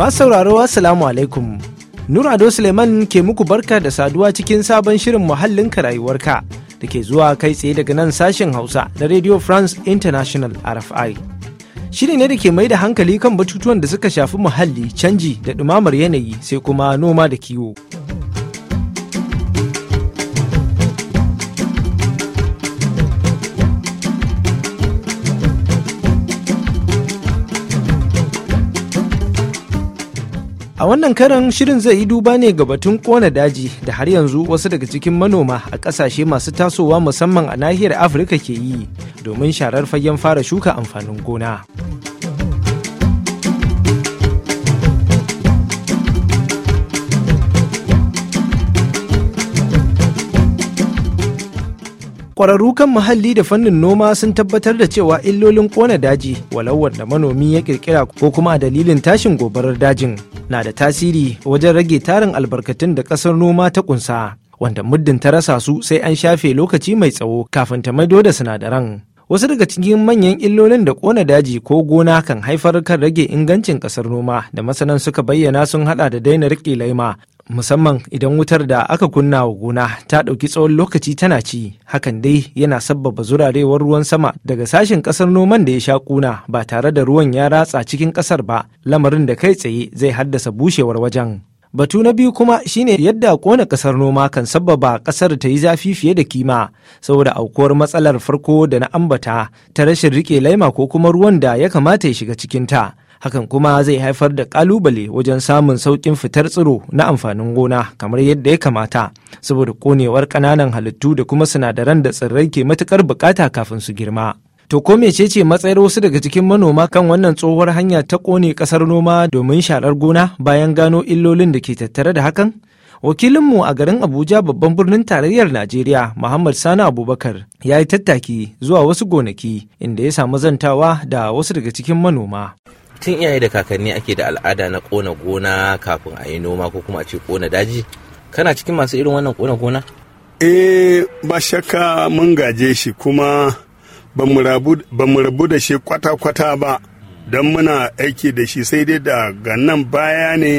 Masu sauraro Assalamu alaikum. Nur Ado Suleiman ke muku barka da saduwa cikin sabon shirin muhallin rayuwarka da ke zuwa kai tsaye daga nan sashen Hausa na Radio France International RFI. Shiri ne da ke mai da hankali kan batutuwan da suka shafi muhalli, canji da ɗumamar yanayi sai kuma noma da kiwo. A wannan karan shirin zai yi duba ne ga batun kona daji da har yanzu wasu daga cikin manoma a ƙasashe masu tasowa musamman a nahiyar Afirka ke yi domin sharar fagen fara shuka amfanin gona. Ƙwararru kan muhalli da fannin noma sun tabbatar da cewa illolin kona daji walau da manomi ya ƙirƙira ko kuma dalilin tashin gobarar dajin na da tasiri wajen rage tarin albarkatun da ƙasar noma ta ƙunsa. Wanda muddin ta rasa su sai an shafe lokaci mai tsawo kafin ta maido da sinadaran. wasu daga cikin manyan illolin da kona daji ko gona kan haifar kan rage ingancin kasar noma da masanan suka bayyana sun hada da daina rike laima musamman idan wutar da aka kunna wa gona ta ɗauki tsawon lokaci tana ci hakan dai yana sabbaba zurarewar ruwan sama daga sashen ƙasar noman da ya sha kuna ba tare da ruwan ya ratsa cikin ƙasar ba lamarin da kai tsaye zai haddasa bushewar wajen batu na biyu kuma shine yadda kona ƙasar noma kan sabbaba ƙasar ta yi zafi fiye da kima saboda aukuwar matsalar farko da na ambata ta rashin riƙe laima ko kuma ruwan da ya kamata ya shiga cikinta hakan kuma zai haifar da kalubale wajen samun sauƙin fitar tsiro na amfanin gona kamar yadda ya kamata saboda konewar ƙananan halittu da kuma sinadaran da tsirrai ke matuƙar buƙata kafin su girma to ko mecece matsayar wasu daga cikin manoma kan wannan tsohuwar hanya ta kone ƙasar noma domin sharar gona bayan gano illolin da ke tattare da hakan wakilinmu a garin abuja babban birnin tarayyar najeriya muhammad sani abubakar ya yi tattaki zuwa wasu gonaki inda ya samu zantawa da wasu daga cikin manoma tun iyaye da kakanni ake da al'ada na kona gona kafin a yi noma ko kuma a ce kona daji kana cikin masu irin wannan kona gona eh ba shakka mun gaje shi kuma ba mu rabu da shi kwata-kwata ba don muna aiki da shi sai dai daga nan baya ne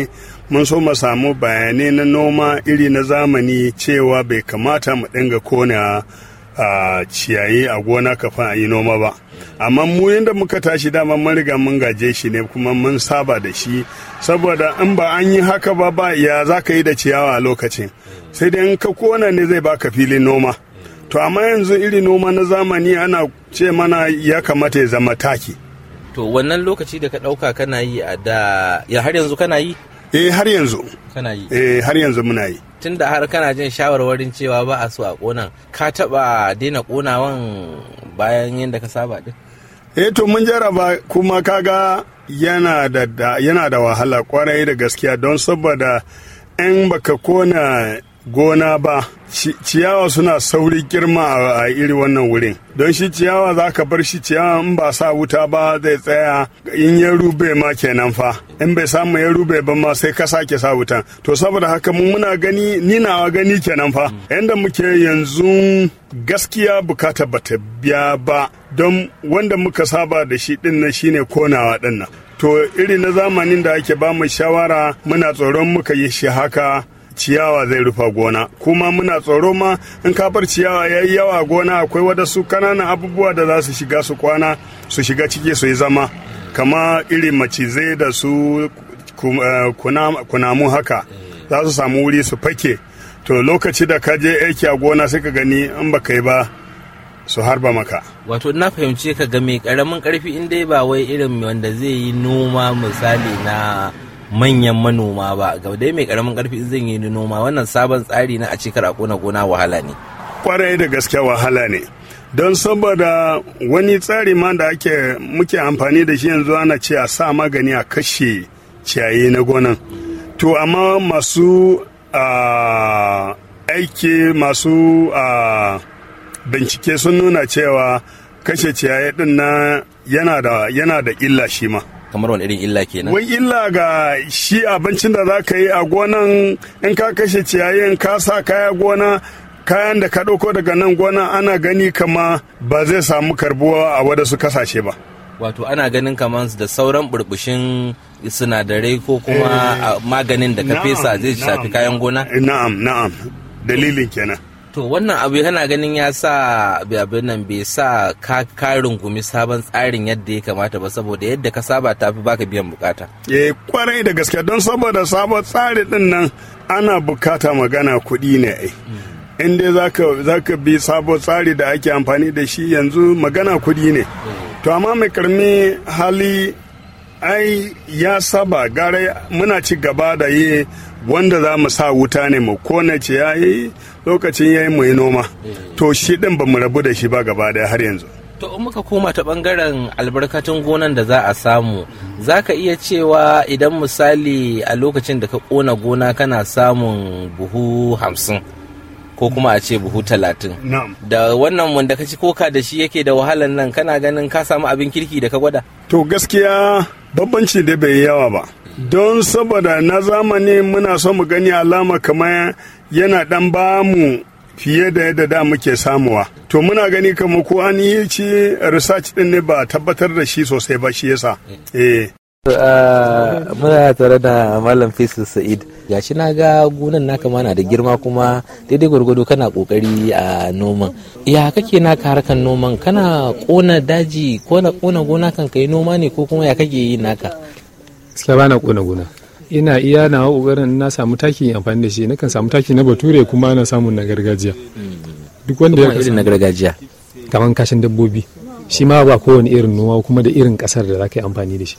mun so mu samu bayanai na noma iri na zamani cewa bai kamata mu dinga kona a ah, ciyayi a gona kafin a yi noma ba amma mu yadda muka tashi dama mun riga mun gaje shi ne kuma mun saba da shi saboda in ba an yi haka ba ba ya za ka yi da ciyawa a lokacin sai dai in ka kona ne zai baka filin noma to amma yanzu iri noma na zamani ana ce mana ya kamata ya zama taki to wannan lokaci da ka ɗauka kana yi a da ya har yanzu kana yi eh har yanzu kana yi eh har yanzu muna yi tun da har kana jin shawarwarin cewa ba a so a ƙonan ka taɓa daina ƙonawan bayan yadda ka saba din eh to mun jaraba kuma kaga yana da yana da wahala kwarai da gaskiya don saboda yan baka kona gona ba ciyawa suna sauri girma a iri wannan wurin don shi ciyawa za ka bar shi ciyawa in ba sa wuta ba zai tsaya in ya rube ma kenan fa in bai samu ya rube ba ma sai ka sake sa wuta to saboda haka mun muna gani ni gani kenan fa mm. yanda muke yanzu gaskiya bukata ba ta biya ba don wanda muka saba da shi din shine konawa din to iri na zamanin da ake ba mu shawara muna tsoron muka yi shi haka ciyawa zai rufa gona kuma muna tsoro ma in kafar ciyawa ya yi yawa gona akwai wadansu kananan abubuwa da za su shiga su kwana su shiga ciki su yi zama kama irin macizai da su eh, kunamu haka za su samu wuri su fake to lokaci da ka je aiki a gona sai ka gani in baka yi ba su harba maka. Wato na fahimci ka ga mai karamin karfi in dai ba wai irin wanda zai yi noma misali na manyan manoma ba ga dai mai karamin karfi zan yi noma wannan sabon tsari na a cikar a kona gona wahala ne kwarai da gaske wahala ne don saboda wani tsari ma da ake muke amfani da shi yanzu ana ce a sa magani a kashe ciyayi na gonan to amma masu aiki masu bincike sun nuna cewa kashe ciyayi din na yana da illa shi ma kamar wani irin illa kenan wai illa ga shi abincin da za ka yi a gonan in ka kashe ciyayin ka sa kaya gona kayan da ka ɗauko daga nan gona ana gani kama ba zai samu karbuwa a su kasashe ba wato ana ganin kamar da sauran burbushin sinadarai ko kuma eh, maganin da ka fesa zai shafi kayan gona na'am na'am dalilin kenan to wannan abu yana ganin ya sa abin nan bai sa ka karin gumi sabon tsarin yadda ya kamata ba saboda yadda ka saba ta fi baka biyan bukata eh kwarai da gaske don saboda sabon tsarin din nan ana bukata magana kuɗi ne ai mm. in dai za ka bi sabon tsari da ake amfani da shi yanzu magana kuɗi ne mm. to amma mai karmi hali ai ya saba gare muna ci gaba da yi wanda za mu sa wuta ne mu kona yi lokacin ya yi mu yi noma eh. to shi din ba mu rabu da shi ba gaba daya har yanzu to in muka koma ta bangaren albarkatun gonan da za a samu za ka iya cewa idan misali a lokacin da ka kona gona kana samun buhu hamsin ko kuma a ce buhu talatin da wannan wanda ka ci koka da shi yake da wahalan nan kana ganin ka samu abin kirki da ka gwada to gaskiya bambanci da bai yawa ba don saboda na zamani muna so mu gani alama kamar yana dan ba mu fiye da yadda da muke samuwa to muna gani kama ko an yi ci research din ne ba tabbatar da shi sosai ba shi yasa eh ah, muna tare da malam fesil sa'id shi na ga gonan naka ma na da girma kuma daidai gwargwado kana kokari a noman ya kake naka harkan noman kana kona daji kona kona gona kan kai noma ne ko kuma ya kake yi naka gaskiya bana kona gona ina iya na kokarin na samu taki amfani da shi nakan samu taki na bature kuma ana samun na gargajiya duk wanda ya irin na gargajiya kaman kashin dabbobi shi ma ba kowane irin noma kuma da irin kasar da zaka yi amfani da shi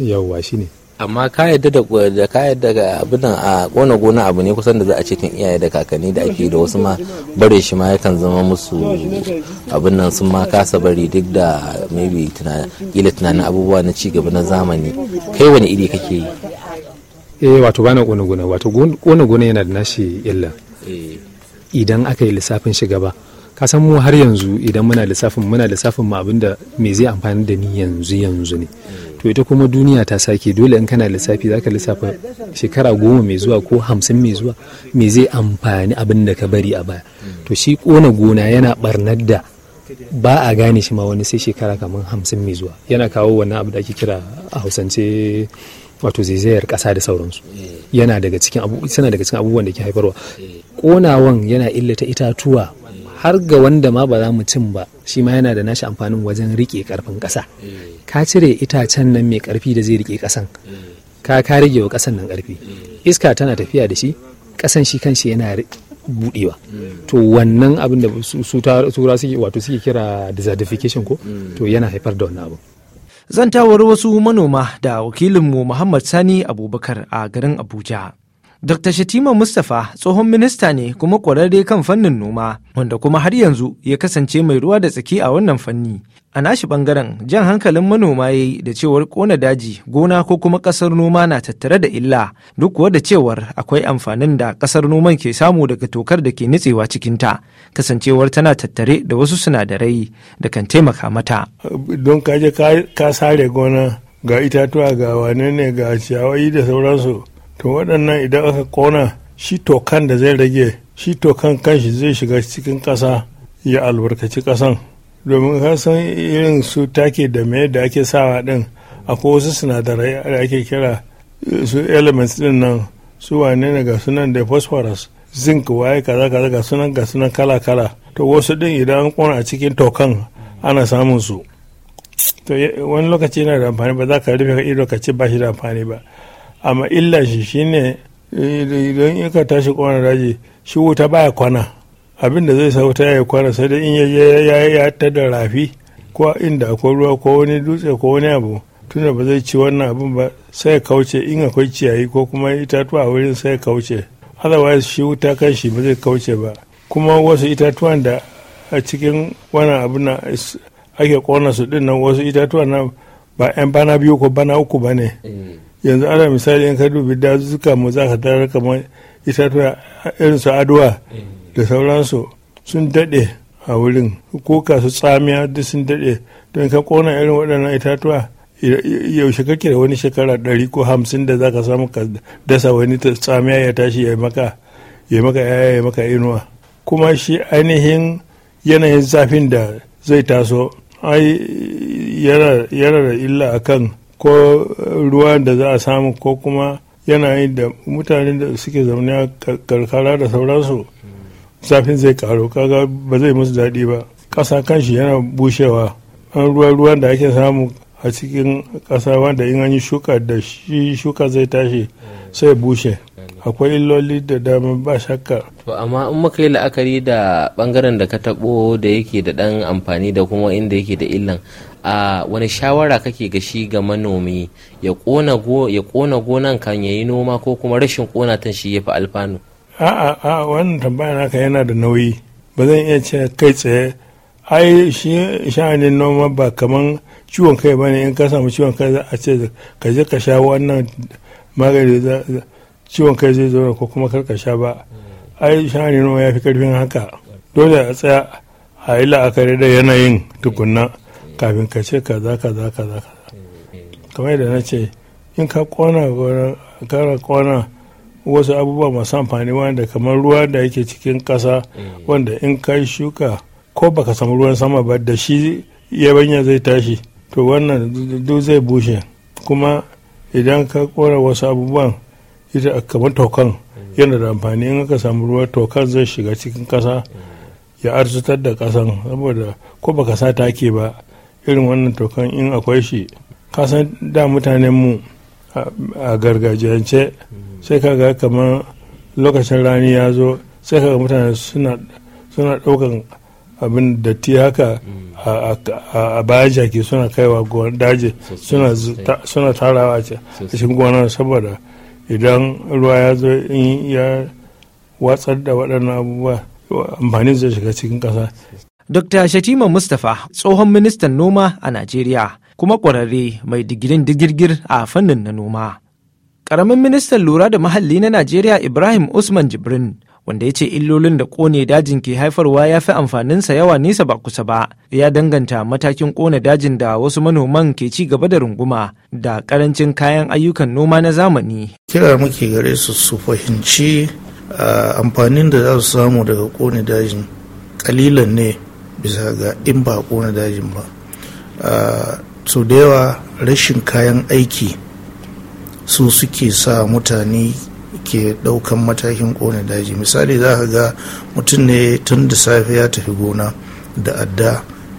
yawwa shine amma ka yadda da da ka yadda ga abin a kona gona abu ne kusan da za a ce tun iyaye da kakanni da ake da wasu ma bare shi ma yakan zama musu abin nan sun ma kasa bari duk da maybe kila tunanin abubuwa na ci gaba na zamani kai wani iri kake yi eh wato bana kona gona wato kona gona yana da nashi illa eh. idan aka yi lissafin shiga ba ka san mu har yanzu idan muna lissafin muna lissafin mu abinda me zai amfani da ni yanzu yanzu ne mm. to ita kuma duniya ta sake dole in kana lissafi za ka lissafa shekara goma mai zuwa ko hamsin mai zuwa me zai amfani abin da ka bari a baya to shi kona gona yana barnar da ba a gane shi ma wani sai shekara kamar hamsin mai zuwa yana kawo wannan abu da ake kira a hausance wato zaizayar ƙasa da sauransu yana daga cikin daga cikin abubuwan da ke haifarwa ƙonawan yana illata itatuwa har ga wanda ma ba za mu cin ba shi ma yana da nashi amfanin wajen rike karfin kasa eh. ka cire itacen nan mai karfi da zai rike kasan eh. ka ka rige wa kasan nan karfi eh. iska tana tafiya da shi kasan shi kanshi yana budewa hmm. to wannan abin da su tura suke wato suke kira desertification ko hmm. to yana haifar da wannan abu zantawar wasu manoma da wakilinmu muhammad sani abubakar a garin abuja Dr. Shatima Mustapha tsohon minista ne kuma ƙwararre kan fannin noma wanda kuma har yanzu ya kasance mai ruwa da tsaki a wannan fanni. A nashi ɓangaren, jan hankalin manoma ya yi da cewar kona daji gona ko kuma ƙasar noma na tattare da illa duk kuwa da cewar akwai amfanin da kasar noman ke samu daga tokar da ke nitsewa cikinta kasancewar tana tattare da wasu sinadarai da kan taimaka mata. Don kaje ka sare gona ga itatuwa ga wane ne ga ciyawai da sauransu to waɗannan idan aka ƙona shi tokan da zai rage shi tokan kanshi zai shiga cikin ƙasa ya albarkaci ƙasan domin ka san irin su take da me da ake sawa ɗin akwai wasu sinadarai da ake kira su elements ɗin nan su wane ne ga sunan da phosphorus zinc waye kaza kaza ga sunan ga sunan kala kala to wasu ɗin idan an ƙona a cikin tokan ana samun su wani lokaci yana da amfani ba za ka rufe ka ido ka ce ba shi da amfani ba amma illa shi shine idan in ka tashi kwana daji shi wuta baya kwana abin da zai sa wuta ya kwana sai dai in ya ya ta da rafi ko inda akwai ruwa ko wani dutse ko wani abu tunda ba zai ci wannan abin ba sai kauce in akwai ciyayi ko kuma itatuwa a wurin sai kauce otherwise shi wuta kan shi ba zai kauce ba kuma wasu itatuwan da a cikin wannan abin na ake kona su din nan wasu itatuwan na ba 'yan bana biyu ko bana uku ba ne eh. yanzu ana misali in ka dubi dazuzzuka mu za ka tarar kamar itatuwa irin su aduwa da sauransu sun daɗe a wurin ko kasu tsamiya duk sun daɗe don ka kona irin waɗannan itatuwa yaushe kake da wani shekara ɗari ko hamsin da za ka samu ka dasa wani tsamiya ya tashi ya maka ya maka yaya ya maka inuwa kuma shi ainihin yanayin zafin da zai taso ai yana da illa akan ko ruwa da za a samu ko kuma yi da mutane da suke zaune a karkara da sauransu zafin zai karu kaga ba zai musu daɗi ba ƙasa kanshi yana bushewa an ruwa ruwan da ake samu a cikin ƙasa wanda in an yi shuka da shi shuka zai tashi sai bushe akwai illoli da dama ba shakka. To amma in muka yi la'akari da bangaren da ka taɓo da yake da ɗan amfani da kuma inda yake da illan a wani shawara kake ga shi ga manomi ya kona gonan kan ya yi noma ko kuma rashin tan shi ya fi alfanu a'a a wannan tambaya naka yana da nauyi ba zan iya ce kai tsaye ai shi noma ba kaman ciwon kai ba ne in ka samu ciwon kai za a ce ka je ka sha wannan magani ciwon kai zai zo ko kuma kar ka sha ba ai sha'anin noma ya fi karfin haka dole a tsaya a yi la'akari da yanayin tukunna kafin ka ce kaza kaza kaza kamar yadda na ce in ka kona kara kona wasu abubuwa masu amfani wanda kamar ruwa da yake cikin kasa wanda in ka shuka ko baka samu ruwan sama ba da shi yabanya zai tashi to wannan duk zai bushe kuma idan ka kora wasu abubuwan ita kamar tokan yana da amfani in ka samu ruwa tokan zai shiga cikin kasa ya arzutar da ƙasan saboda ko baka sa take ba irin wannan tokan in akwai shi kasan da mutanen mu a gargajiyance sai kaga kamar lokacin rani ya zo sai kaga mutane suna ɗaukar abin datti haka a bayan jaki suna kaiwa daji suna tarawa a cikin gona saboda idan ruwa ya zo in ya watsar da waɗannan abubuwa amfanin zai shiga cikin ƙasa Dr. Shatima Mustapha tsohon ministan noma a Najeriya kuma ƙwararre mai digirin digirgir a fannin na noma. Ƙaramin ministan lura da muhalli na Najeriya Ibrahim Usman Jibrin wanda ya ce illolin da ƙone dajin ke haifarwa ya fi amfaninsa yawa nesa ba kusa ba ya danganta matakin ƙone dajin da wasu manoman ke ci gaba da runguma da ƙarancin kayan ayyukan noma na zamani kira muke gare su su fahimci ah, amfanin da za su samu daga ƙone dajin ƙalilan ne bisa ga in ba kona dajin ba sau da yawa rashin kayan aiki su suke sa mutane ke daukan matakin kona daji misali za ka ga mutum ne tun da safe ya tafi gona da adda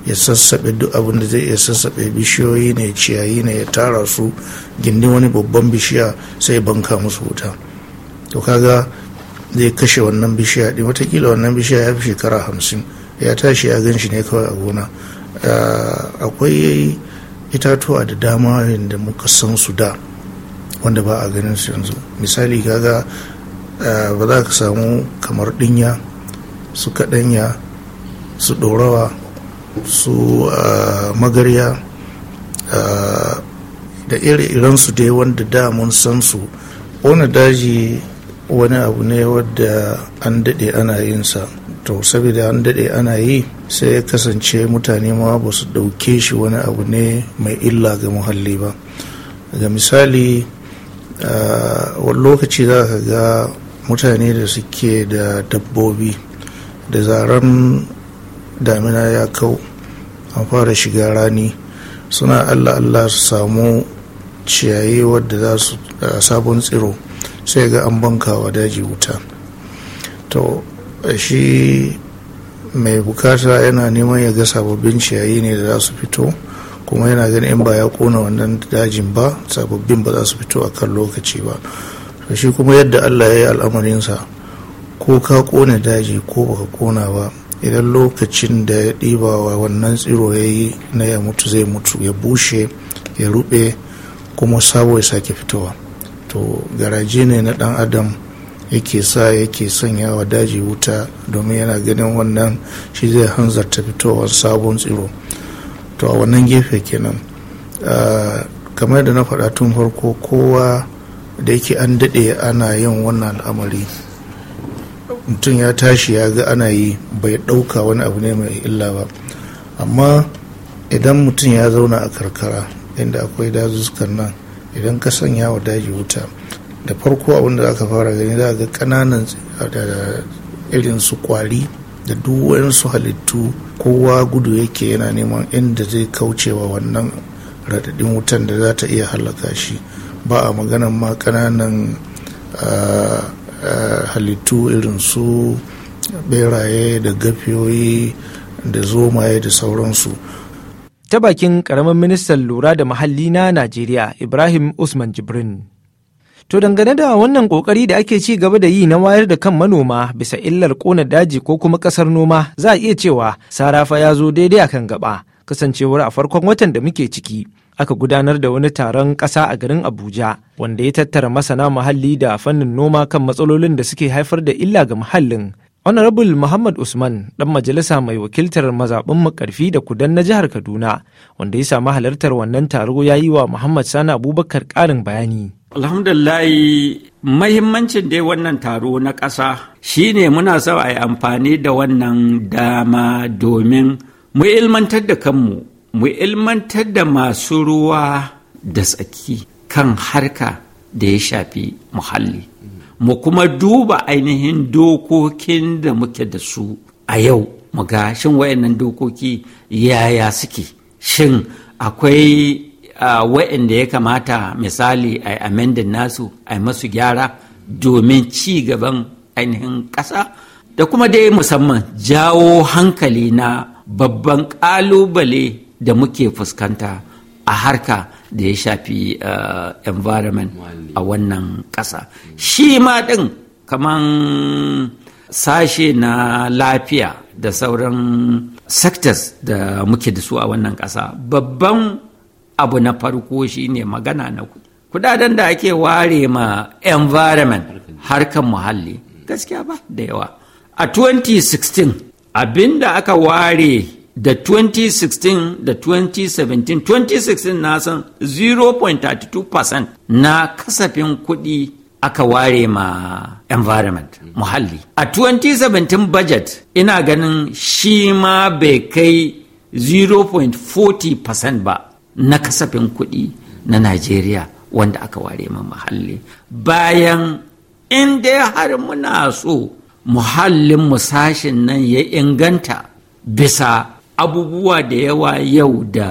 ya sassaɓe duk abin da zai iya sassaɓe bishiyoyi ne ciyayi ne ya tara su gindin wani babban bishiya sai banka musu wuta to kaga zai kashe wannan bishiya ɗin watakila wannan bishiya ya fi shekara hamsin ya tashi a gan shi ne kawai a gona ah, akwai itatuwa da dama da muka san su da wanda ba a ganin su yanzu misali kaga ah, ba za ka samu kamar dinya su kaɗanya su ɗorawa su ah, magarya da irin su dai wanda da mun san su wani daji wani abu ne wadda an daɗe ana yin sa to saboda an daɗe ana yi sai ya kasance mutane ma ba su ɗauke shi wani abu ne mai illa ga muhalli ba ga misali wani lokaci za ka ga mutane da suke da dabbobi da zaren damina ya kau an fara shiga rani suna allah allah su samu ciyayi wadda za su sabon tsiro sai ga an bankawa daji wuta to shi mai bukata yana neman ya ga sababbin ciyayi ne da za su fito kuma yana ganin in ba ya kona wannan dajin ba sababbin ba za su fito a kan lokaci ba shi kuma yadda allah ya yi al'amarinsa ko ka kone daji ko baka kona ba idan lokacin da ya ɗiba wa wannan tsiro ya yi na ya mutu zai mutu ya bushe ya ruɓe kuma sabo ya sake fitowa to garaje ne na ɗan adam yake sa yake sanya wa daji wuta domin yana ganin wannan shi zai hanzarta fitowar sabon tsiro to a wannan gefe kenan kamar da na faɗa tun farko kowa da yake an daɗe ana yin wannan al'amari mutum ya tashi ya ga ana yi bai ɗauka wani abu ne mai illa ba amma idan mutum ya zauna a karkara inda akwai dazuzzukan nan idan ka sanya wa daji wuta da farko abinda za ka fara gani za ga ƙananan irin su kwari da duk wayansu halittu kowa gudu yake yana neman inda zai kaucewa wannan radadin wutan da za ta iya halaka shi ba a maganan ma ƙananan halittu irin su beraye da gafiyoyi da zomaye da sauransu ta bakin karamin ministan lura da muhalli na najeriya ibrahim usman jibrin To dangane da wannan kokari da ake ci gaba da yi na wayar da kan manoma bisa illar kona daji ko kuma kasar noma za a iya cewa sarafa ya zo daidai akan gaba kasancewar a farkon watan da muke ciki aka gudanar da wani taron ƙasa a garin Abuja wanda ya tattara masana muhalli da fannin noma kan matsalolin da suke haifar da illa ga muhallin honorable muhammad usman ɗan majalisa mai wakiltar mazaɓin makarfi da kudan na jihar kaduna wanda ya samu halartar wannan taro ya yi wa muhammad sani abubakar ƙarin bayani alhamdulillah mahimmancin dai wannan taro na ƙasa shine muna so a yi amfani da wannan dama domin mu ilmantar da kanmu, mu ilmantar da masu ruwa da tsaki kan harka da ya shafi muhalli. Mu kuma duba ainihin dokokin da muke da su a yau, mu ga shin wayannan dokoki yaya suke, shin akwai Ah, wa'inda ya kamata misali a amendin nasu a masu gyara domin ci gaban ainihin ƙasa da kuma dai musamman jawo hankali na babban ƙalubale da muke fuskanta a harka da ya shafi uh, environment a wannan ƙasa shi ma ɗin kaman sashe na lafiya da sauran sectors da muke da su a wannan ƙasa babban abu na farko shine magana na Kuɗaɗen kudaden da ake ware ma environment harkar muhalli gaskiya ba da yawa a 2016 abin da aka ware da 2016 da 2017 2016 na san 0.32% na kasafin kuɗi aka ware ma environment muhalli a 2017 budget ina ganin shi ma bai kai 0.40% ba na kasafin kuɗi na najeriya wanda aka ware ma muhalli bayan in dai har muna so muhallin musashin nan ya inganta bisa abubuwa da yawa yau da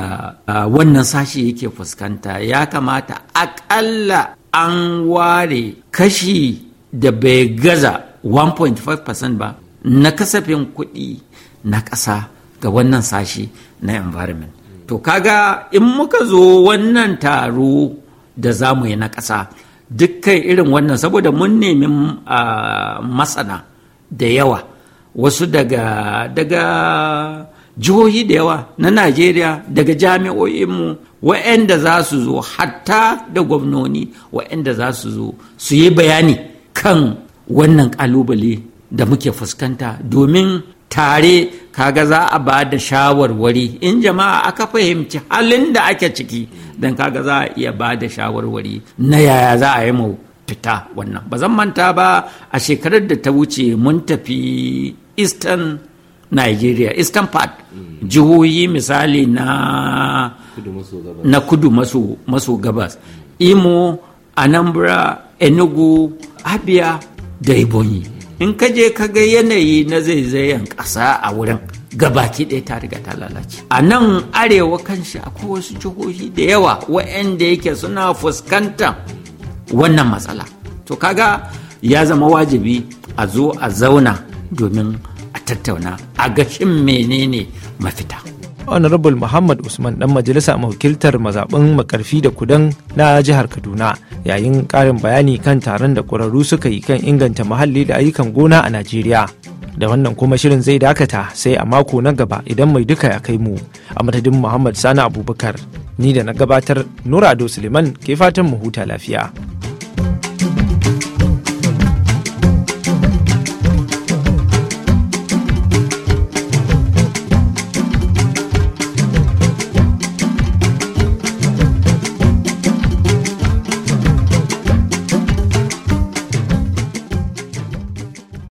uh, wannan sashi yake fuskanta ya kamata akalla an ware kashi da bai gaza 1.5% ba na kasafin kuɗi na ƙasa ga wannan sashi na environment to kaga in muka zo wannan taro da za mu yi na ƙasa dukkan irin wannan saboda mun nemi masana da yawa wasu daga daga jihohi da yawa na najeriya daga jami'o'inmu wa'anda za su zo hatta da gwamnoni wa'anda za su zo su yi bayani kan wannan kalubale da muke fuskanta domin tare kaga za a ba da shawarwari in jama'a aka fahimci halin da ake ciki don kaga za a iya ba da shawarwari na yaya za a yi mu fita wannan ba zan manta ba a shekarar da ta wuce mun tafi eastern nigeria eastern part mm. jihohi misali na kudu maso, maso gabas imo anambra enugu abia da ibonyi in ka je ka ga yanayi na zaizayen ƙasa a wurin gabaki ɗaya ta riga ta lalace a nan arewa kanshi akwai wasu jihohi da yawa waɗanda yake suna fuskantar wannan matsala to kaga ya zama wajibi a zo a zauna domin a tattauna a gashin menene mafita honorable muhammad usman dan majalisa wakiltar mazaɓin makarfi da kudan na jihar kaduna yayin ƙarin bayani kan taron da ƙwararru suka yi kan inganta muhalli da ayyukan gona a najeriya da wannan kuma shirin zai dakata sai a mako na gaba idan mai duka ya kai mu a matadin muhammad sani abubakar ni da na gabatar nura ado suleiman ke fatan mu huta lafiya